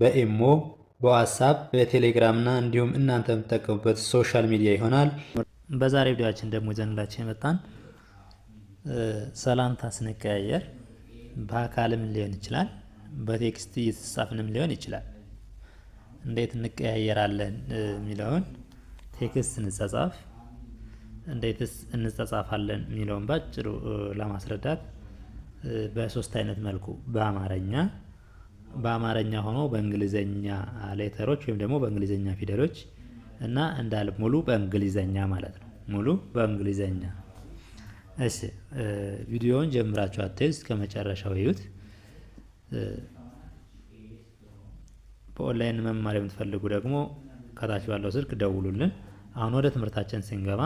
በኤሞ በዋትሳፕ በቴሌግራም እና እንዲሁም እናንተ የምትጠቀሙበት ሶሻል ሚዲያ ይሆናል። በዛሬ ቪዲዮችን ደግሞ ይዘንላችሁ የመጣን ሰላምታ ስንቀያየር በአካልም ሊሆን ይችላል፣ በቴክስት እየተጻፍንም ሊሆን ይችላል። እንዴት እንቀያየራለን የሚለውን ቴክስት እንጸጻፍ፣ እንዴትስ እንጸጻፋለን የሚለውን ባጭሩ ለማስረዳት በሶስት አይነት መልኩ በአማርኛ በአማርኛ ሆኖ በእንግሊዘኛ ሌተሮች ወይም ደግሞ በእንግሊዘኛ ፊደሎች እና እንዳል ሙሉ በእንግሊዘኛ ማለት ነው። ሙሉ በእንግሊዘኛ። እሺ ቪዲዮውን ጀምራችሁ አትዩ፣ እስከ መጨረሻው በኦንላይን መማር የምትፈልጉ ደግሞ ከታች ባለው ስልክ ደውሉልን። አሁን ወደ ትምህርታችን ስንገባ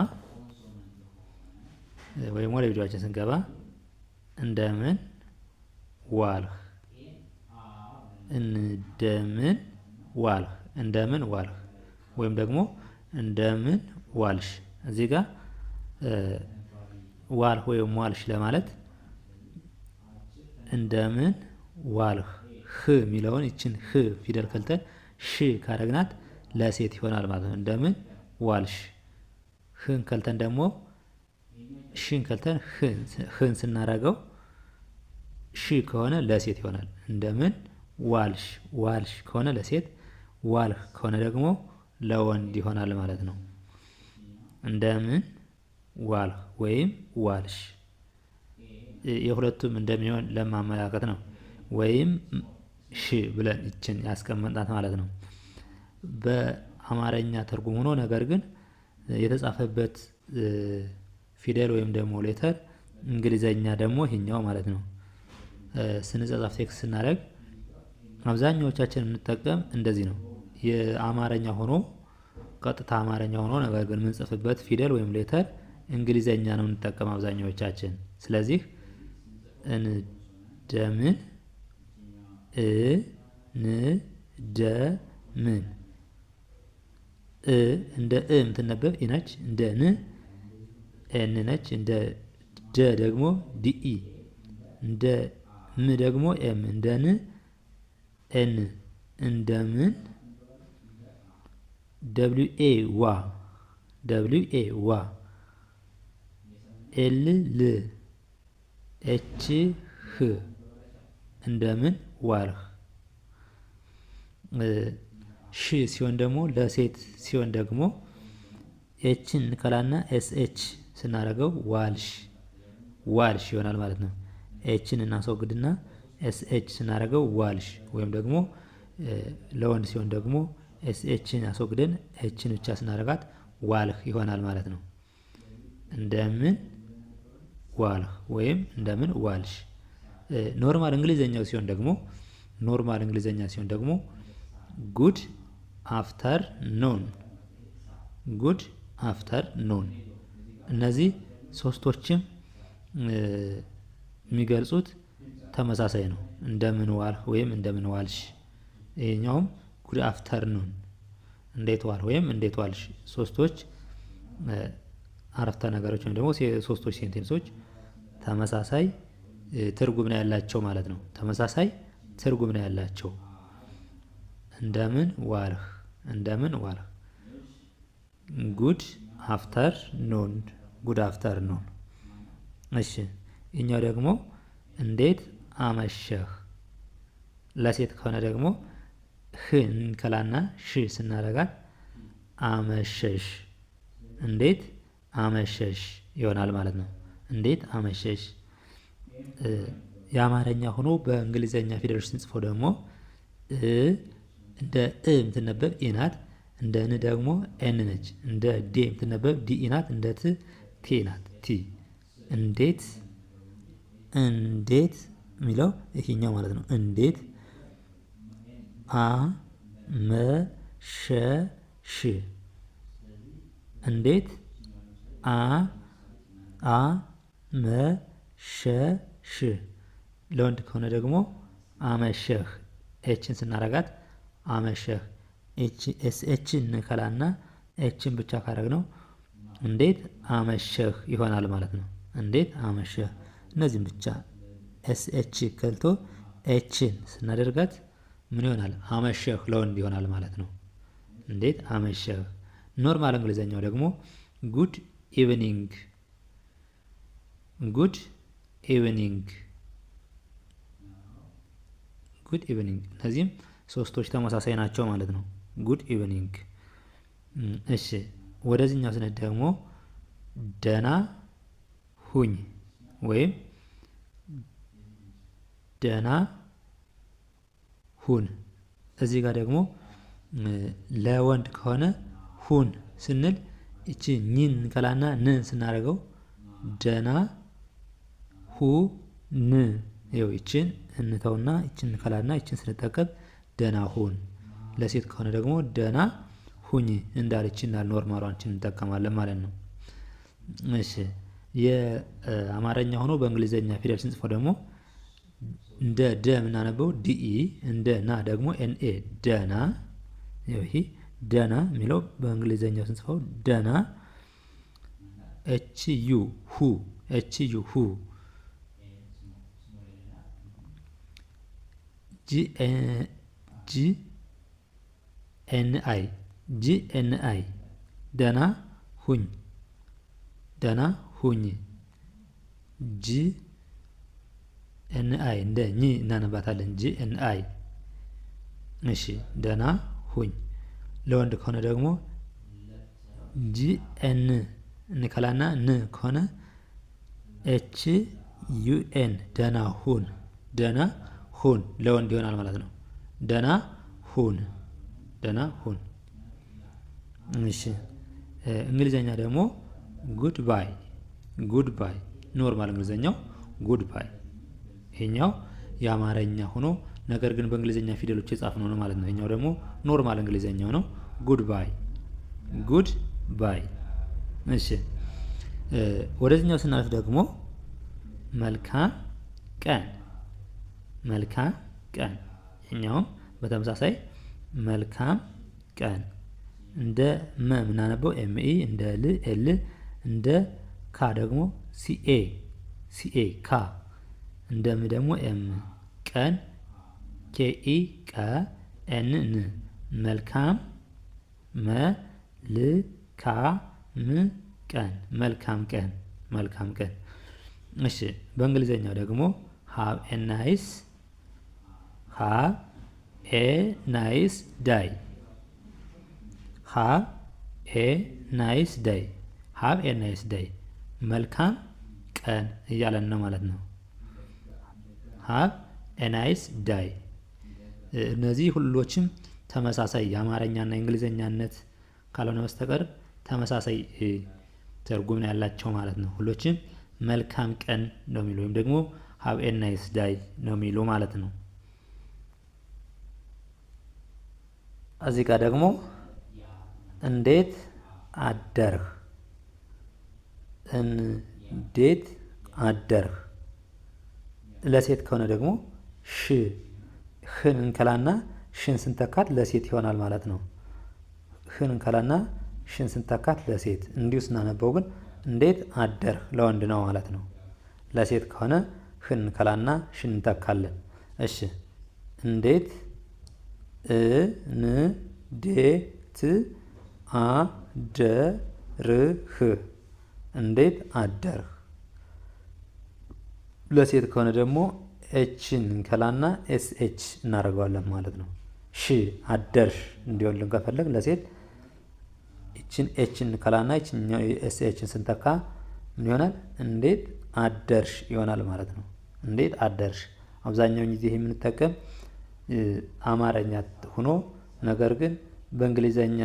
ወይም ወደ ቪዲዮችን ስንገባ እንደምን ዋልህ እንደምን ዋልህ እንደምን ዋልህ ወይም ደግሞ እንደምን ዋልሽ እዚህ ጋር ዋልህ ወይም ዋልሽ ለማለት እንደምን ዋልህ ህ የሚለውን ይችን ህ ፊደል ከልተን ሽ ካረግናት ለሴት ይሆናል ማለት ነው። እንደምን ዋልሽ። ህን ከልተን ደግሞ ሽን ከልተን ህን ስናረገው ሽ ከሆነ ለሴት ይሆናል። እንደምን ዋልሽ ዋልሽ ከሆነ ለሴት ዋልህ ከሆነ ደግሞ ለወንድ ይሆናል ማለት ነው። እንደምን ዋልህ ወይም ዋልሽ የሁለቱም እንደሚሆን ለማመላከት ነው። ወይም ሽ ብለን ይችን ያስቀመጣት ማለት ነው። በአማርኛ ትርጉም ሆኖ ነገር ግን የተጻፈበት ፊደል ወይም ደግሞ ሌተር እንግሊዘኛ ደግሞ ይሄኛው ማለት ነው። ስንጻጻፍ ቴክስት ስናደርግ አብዛኛዎቻችን የምንጠቀም እንደዚህ ነው። የአማርኛ ሆኖ ቀጥታ አማርኛ ሆኖ ነገር ግን የምንጽፍበት ፊደል ወይም ሌተር እንግሊዘኛ ነው የምንጠቀም አብዛኛዎቻችን። ስለዚህ እንደምን እ ን ደ ምን እ እንደ እ የምትነበብ ኢ ነች። እንደ ን ኤን ነች። እንደ ደ ደግሞ ዲኢ እንደ ም ደግሞ ኤም እንደ ን ኤን እንደምን ደብሊው ኤ ዋ ደብሊው ኤ ዋ ኤል ል ኤች ህ እንደምን ዋልህ። ሺ ሲሆን ደግሞ ለሴት ሲሆን ደግሞ ኤችን እንቀላና ኤስ ኤች ስናደርገው ዋልሽ ዋልሽ ይሆናል ማለት ነው። ኤችን እናስወግድና ኤስኤች ስናደርገው ዋልሽ ወይም ደግሞ ለወንድ ሲሆን ደግሞ ኤስኤችን አስወግደን ኤችን ብቻ ስናደርጋት ዋልህ ይሆናል ማለት ነው። እንደምን ዋልህ ወይም እንደምን ዋልሽ። ኖርማል እንግሊዘኛው ሲሆን ደግሞ ኖርማል እንግሊዘኛ ሲሆን ደግሞ ጉድ አፍተር ኖን ጉድ አፍተር ኖን። እነዚህ ሶስቶችም የሚገልጹት ተመሳሳይ ነው። እንደምን ዋልህ ወይም እንደምን ዋልሽ። ይሄኛውም ጉድ አፍተርኑን እንዴት ዋል ወይም እንዴት ዋልሽ። ሶስቶች አረፍተ ነገሮች ወይም ደግሞ ሶስቶች ሴንቴንሶች ተመሳሳይ ትርጉም ነው ያላቸው ማለት ነው። ተመሳሳይ ትርጉም ነው ያላቸው። እንደምን ዋልህ፣ እንደምን ዋልህ። ጉድ አፍተር ኑን፣ ጉድ አፍተር ኑን። እሺ እኛው ደግሞ እንዴት አመሸህ። ለሴት ከሆነ ደግሞ ህን ከላና ሽ ስናረጋት አመሸሽ፣ እንዴት አመሸሽ ይሆናል ማለት ነው። እንዴት አመሸሽ። የአማርኛ ሆኖ በእንግሊዘኛ ፊደሎች ስንጽፎ ደግሞ እንደ እ የምትነበብ ኢ ናት። እንደ ን ደግሞ ኤን ነች። እንደ ዴ የምትነበብ ዲ ኢ ናት። እንደ ት ቴ ናት። ቲ እንዴት እንዴት የሚለው ይሄኛው ማለት ነው። እንዴት አመሸሽ እንዴት አ መሸሽ ለወንድ ከሆነ ደግሞ አመሸህ ኤችን ስናረጋት አመሸህ ኤችን እንከላና ኤችን ብቻ ካረግ ነው እንዴት አመሸህ ይሆናል ማለት ነው። እንዴት አመሸህ እነዚህም ብቻ ኤስ ኤች ከልቶ ኤችን ስናደርጋት ምን ይሆናል? አመሸህ ለወንድ ይሆናል ማለት ነው። እንዴት አመሸህ። ኖርማል እንግሊዘኛው ደግሞ ጉድ ኢቭኒንግ፣ ጉድ ኢቭኒንግ፣ ጉድ ኢቭኒንግ። እነዚህም ሶስቶች ተመሳሳይ ናቸው ማለት ነው። ጉድ ኢቭኒንግ። እሺ ወደዚህኛው ስነት ደግሞ ደና ሁኝ ወይም ደና ሁን። እዚህ ጋር ደግሞ ለወንድ ከሆነ ሁን ስንል እቺ ኒን እንከላና ን ስናደርገው ደና ሁ ን ይኸው ይችን እንተውና ይችን እንከላና ይችን ስንጠቀም ደና ሁን። ለሴት ከሆነ ደግሞ ደና ሁኝ እንዳልች እንዳል ኖርማሏችን እንጠቀማለን ማለት ነው። እሺ የአማርኛ ሆኖ በእንግሊዘኛ ፊደል ስንጽፎ ደግሞ እንደ ደ የምናነበው ዲኢ እንደ ና ደግሞ ኤንኤ ደና። ይህ ደና የሚለው በእንግሊዝኛው ስንጽፈው ደና። ኤች ዩ ሁ ኤች ዩ ሁ ጂ ኤን አይ ጂ ኤን አይ ደና ሁኝ ደና ሁኝ ጂ ኤን አይ እንደ ኝ እናነባታለን። ጂ ኤን አይ። እሺ ደህና ሁኝ። ለወንድ ከሆነ ደግሞ ጂ ኤን እንከላና ን ከሆነ ኤች ኤን ደህና ሁን፣ ደህና ሁን ለወንድ ይሆናል ማለት ነው። ደህና ሁን፣ ደህና ሁን። እሺ እንግሊዘኛ ደግሞ ጉድ ባይ፣ ጉድ ባይ ኖርማል እንግሊዘኛው ጉድ ባይ ይሄኛው የአማርኛ ሆኖ ነገር ግን በእንግሊዝኛ ፊደሎች የጻፍነው ነው ማለት ነው። ይሄኛው ደግሞ ኖርማል እንግሊዝኛው ነው። ጉድ ባይ ጉድ ባይ። እሺ ወደዚህኛው ስናልፍ ደግሞ መልካም ቀን መልካም ቀን። ይሄኛውም በተመሳሳይ መልካም ቀን እንደ መ ምናነበው ኤምኢ እንደ ል ኤል እንደ ካ ደግሞ ሲኤ ሲኤ ካ እንደም ደግሞ ኤም ቀን ኬኢ ቀ ኤን ን መልካም መልካም ቀን መልካም ቀን መልካም ቀን። እሺ በእንግሊዘኛው ደግሞ ሃብ ኤ ናይስ ሃብ ኤ ናይስ ዳይ ሃብ ኤ ናይስ ዳይ ሃብ ኤ ናይስ ዳይ መልካም ቀን እያለን ነው ማለት ነው። ሀብ ኤናይስ ዳይ እነዚህ ሁሎችም ተመሳሳይ የአማርኛና የእንግሊዝኛነት ካልሆነ በስተቀር ተመሳሳይ ትርጉም ነው ያላቸው ማለት ነው። ሁሎችም መልካም ቀን ነው የሚሉ ወይም ደግሞ ሃብ ኤናይስ ዳይ ነው የሚሉ ማለት ነው። እዚህ ጋር ደግሞ እንዴት አደርህ፣ እንዴት አደርህ ለሴት ከሆነ ደግሞ ሽ ህን እንከላና ሽን ስንተካት ለሴት ይሆናል ማለት ነው። ህን እንከላና ሽን ስንተካት ለሴት እንዲሁ ስናነበው ግን እንዴት አደርህ ለወንድ ነው ማለት ነው። ለሴት ከሆነ ህን እንከላና ሽን እንተካለን። እሺ እንዴት እንዴት አደርህ እንዴት አደርህ ለሴት ከሆነ ደግሞ ኤችን እንከላና ኤስ ኤች እናደርገዋለን ማለት ነው። ሺ አደርሽ እንዲሆንልን ከፈለግ ለሴት ይችን ኤች እንከላና ይችኛው ኤስ ኤችን ስንተካ ምን ይሆናል? እንዴት አደርሽ ይሆናል ማለት ነው። እንዴት አደርሽ አብዛኛውን ጊዜ የምንጠቀም አማርኛ ሆኖ ነገር ግን በእንግሊዘኛ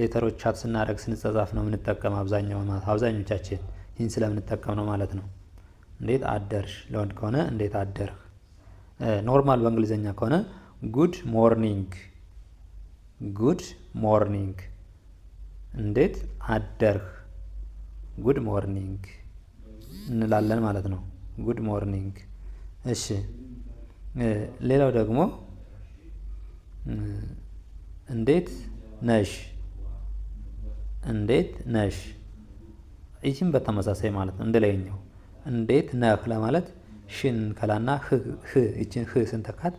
ሌተሮች ቻት ስናደርግ ስንጸጻፍ ነው የምንጠቀም አብዛኛው አብዛኞቻችን ይህን ስለምንጠቀም ነው ማለት ነው። እንዴት አደርሽ ለወንድ ከሆነ እንዴት አደርህ። ኖርማል በእንግሊዝኛ ከሆነ ጉድ ሞርኒንግ ጉድ ሞርኒንግ። እንዴት አደርህ ጉድ ሞርኒንግ እንላለን ማለት ነው። ጉድ ሞርኒንግ። እሺ፣ ሌላው ደግሞ እንዴት ነሽ እንዴት ነሽ። ይህም በተመሳሳይ ማለት ነው እንደላይኛው እንዴት ነህ ለማለት ሽን ከላና ህ እችን ህ ስንተካት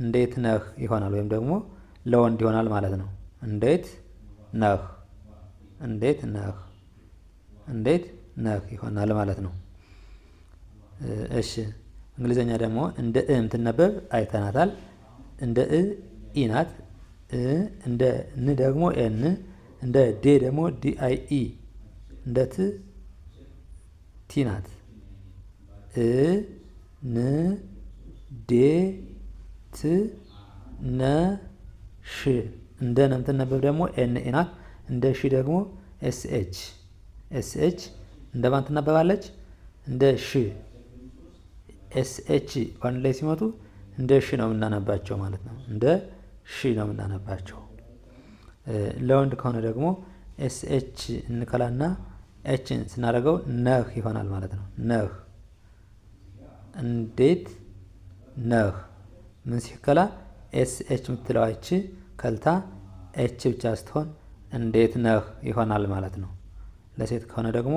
እንዴት ነህ ይሆናል። ወይም ደግሞ ለወንድ ይሆናል ማለት ነው። እንዴት ነህ፣ እንዴት ነህ፣ እንዴት ነህ ይሆናል ማለት ነው። እሺ እንግሊዘኛ ደግሞ እንደ እ የምትነበብ አይተናታል። እንደ እ ኢ ናት። እንደ ን ደግሞ ኤን፣ እንደ ዴ ደግሞ ዲ አይ ኢ፣ እንደ ት ቲ ናት። ነ ሽ እንደ ነ የምትነበብ ደግሞ ኤንኤ ናት። እንደ ሺ ደግሞ ኤስኤች ኤስኤች እንደ ማን ትነበባለች? እንደ ሺ ኤስኤች በአንድ ላይ ሲመጡ እንደ ሺ ነው የምናነባቸው ማለት ነው። እንደ ሺ ነው የምናነባቸው። ለወንድ ከሆነ ደግሞ ኤስኤች እንከላና ኤችን ስናደርገው ነህ ይሆናል ማለት ነው። ነህ እንዴት ነህ? ምን ሲከላ ኤስ ኤች የምትለዋ አይቺ ከልታ ኤች ብቻ ስትሆን እንዴት ነህ ይሆናል ማለት ነው። ለሴት ከሆነ ደግሞ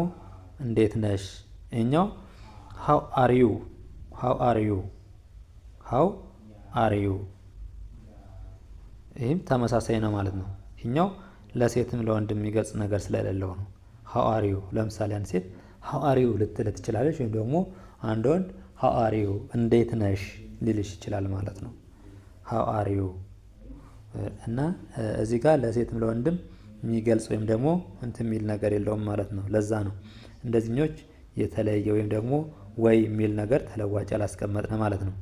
እንዴት ነሽ። እኛው ሃው አር ዩ ሃው አር ዩ ሃው አር ዩ ይህም ተመሳሳይ ነው ማለት ነው። እኛው ለሴትም ለወንድ የሚገልጽ ነገር ስለሌለው ነው። ሃው አር ዩ ለምሳሌ አንድ ሴት ሃው አር ዩ ልትል ትችላለች፣ ወይም ደግሞ አንድ ወንድ ሀዋሪው እንዴት ነሽ ሊልሽ ይችላል ማለት ነው። ሀዋሪው እና እዚህ ጋር ለሴትም ለወንድም የሚገልጽ ወይም ደግሞ እንትን የሚል ነገር የለውም ማለት ነው። ለዛ ነው እንደዚህኞች የተለየ ወይም ደግሞ ወይ የሚል ነገር ተለዋጭ አላስቀመጥን ማለት ነው።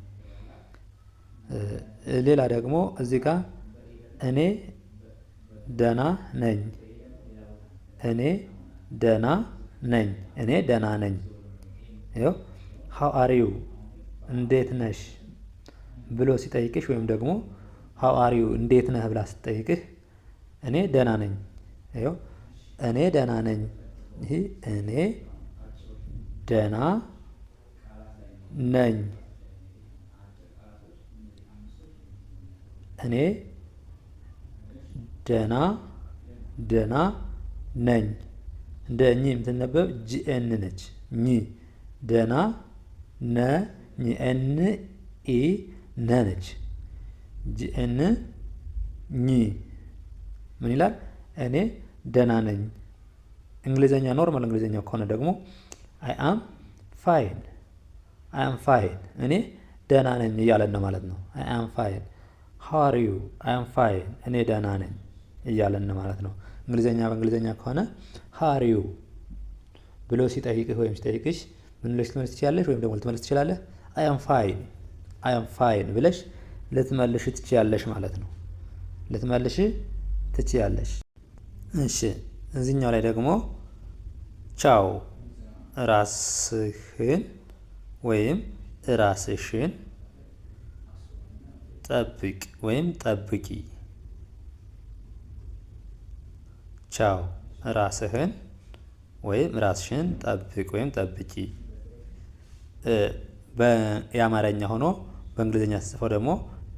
ሌላ ደግሞ እዚህ ጋር እኔ ደና ነኝ፣ እኔ ደህና ነኝ፣ እኔ ደና ነኝ እኔ ደና ነኝ ሃው አር ዩ እንዴት ነሽ ብሎ ሲጠይቅሽ ወይም ደግሞ ሃው አር ዩ እንዴት ነህ ብላ ስትጠይቅህ እኔ ደህና ነኝ። ይኸው እኔ ደህና ነኝ። ይህ እኔ ደህና ነኝ። እኔ ደህና ደህና ነኝ። እንደ እኚህ የምትነበብ ጂኤን ነች። ኚ ደህና ነ ን ኤ ነ ነች። ጂኤን ኝ ምን ይላል? እኔ ደህና ነኝ። እንግሊዘኛ ኖርማል እንግሊዘኛ ከሆነ ደግሞ አይ አም ፋይን አይ አም ፋይን እኔ ደህና ነኝ እያለን ነው ማለት ነው። አይ አም ፋይን ሃው አር ዩ አይ አም ፋይን እኔ ደህና ነኝ እያለን ነው ማለት ነው። እንግሊዘኛ በእንግሊዘኛ ከሆነ ሃው አር ዩ ብሎ ሲጠይቅህ ወይም ሲጠይቅሽ ምን ብለሽ ትመልስ ትችላለሽ፣ ወይም ደግሞ ልትመልስ ትችላለህ። አም ፋይን አም ፋይን ብለሽ ልትመልሽ ትችያለሽ ማለት ነው። ልትመልሽ ትችያለሽ። እሺ እዚህኛው ላይ ደግሞ ቻው ራስህን ወይም ራስሽን ጠብቅ ወይም ጠብቂ። ቻው ራስህን ወይም ራስሽን ጠብቅ ወይም ጠብቂ። የአማርኛ ሆኖ በእንግሊዝኛ ሲጽፈው ደግሞ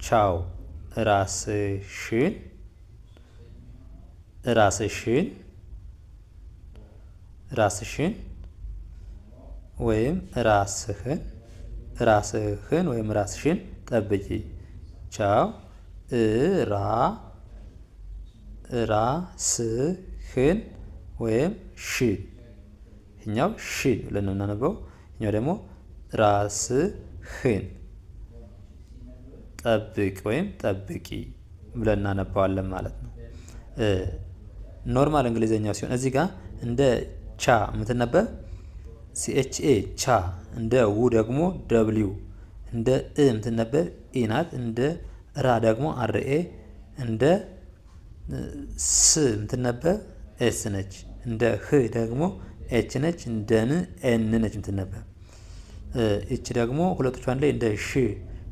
ቻው ራስሽን ራስሽን ራስሽን ወይም ራስህን ራስህን ወይም ራስሽን ጠብቂ። ቻው ራስህን ወይም ሽን እኛው ሽን ብለን ነው እኛው ደግሞ ራስህን ጠብቅ ወይም ጠብቂ ብለን እናነባዋለን ማለት ነው። ኖርማል እንግሊዘኛው ሲሆን እዚህ ጋር እንደ ቻ የምትነበብ ሲኤችኤ ቻ፣ እንደ ው ደግሞ ደብሊው፣ እንደ እ የምትነበብ ኢ ናት። እንደ ራ ደግሞ አርኤ፣ እንደ ስ የምትነበብ ኤስ ነች። እንደ ህ ደግሞ ኤች ነች። እንደ ን ኤን ነች የምትነበብ እች ደግሞ ሁለቶቹ አንድ ላይ እንደ ሺ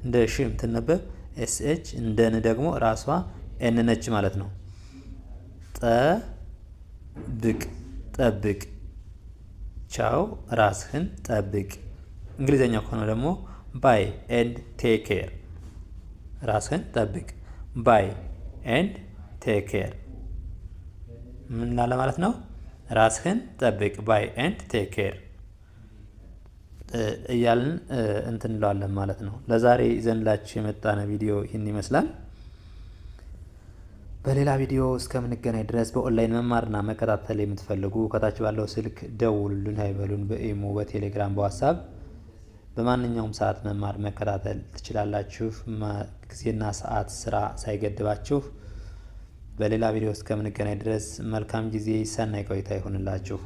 እንደ ሽ የምትነበብ ኤስ ኤች እንደ ን ደግሞ ራሷ ኤን ነች ማለት ነው። ጠብቅ ጠብቅ። ቻው ራስህን ጠብቅ። እንግሊዘኛ ከሆነ ደግሞ ባይ ኤንድ ቴክ ኬር። ራስህን ጠብቅ ባይ ኤንድ ቴክ ኬር። ምን ላለ ማለት ነው? ራስህን ጠብቅ ባይ ኤንድ ቴክ ኬር እያልን እንትን እንለዋለን ማለት ነው። ለዛሬ ዘንላች የመጣነ ቪዲዮ ይህን ይመስላል። በሌላ ቪዲዮ እስከምንገናኝ ድረስ በኦንላይን መማርና መከታተል የምትፈልጉ ከታች ባለው ስልክ ደውሉልን፣ ሀይበሉን። በኢሞ፣ በቴሌግራም፣ በዋትሳፕ በማንኛውም ሰዓት መማር መከታተል ትችላላችሁ። ጊዜና ሰዓት ስራ ሳይገድባችሁ። በሌላ ቪዲዮ እስከምንገናኝ ድረስ መልካም ጊዜ፣ ሰናይ ቆይታ ይሆንላችሁ።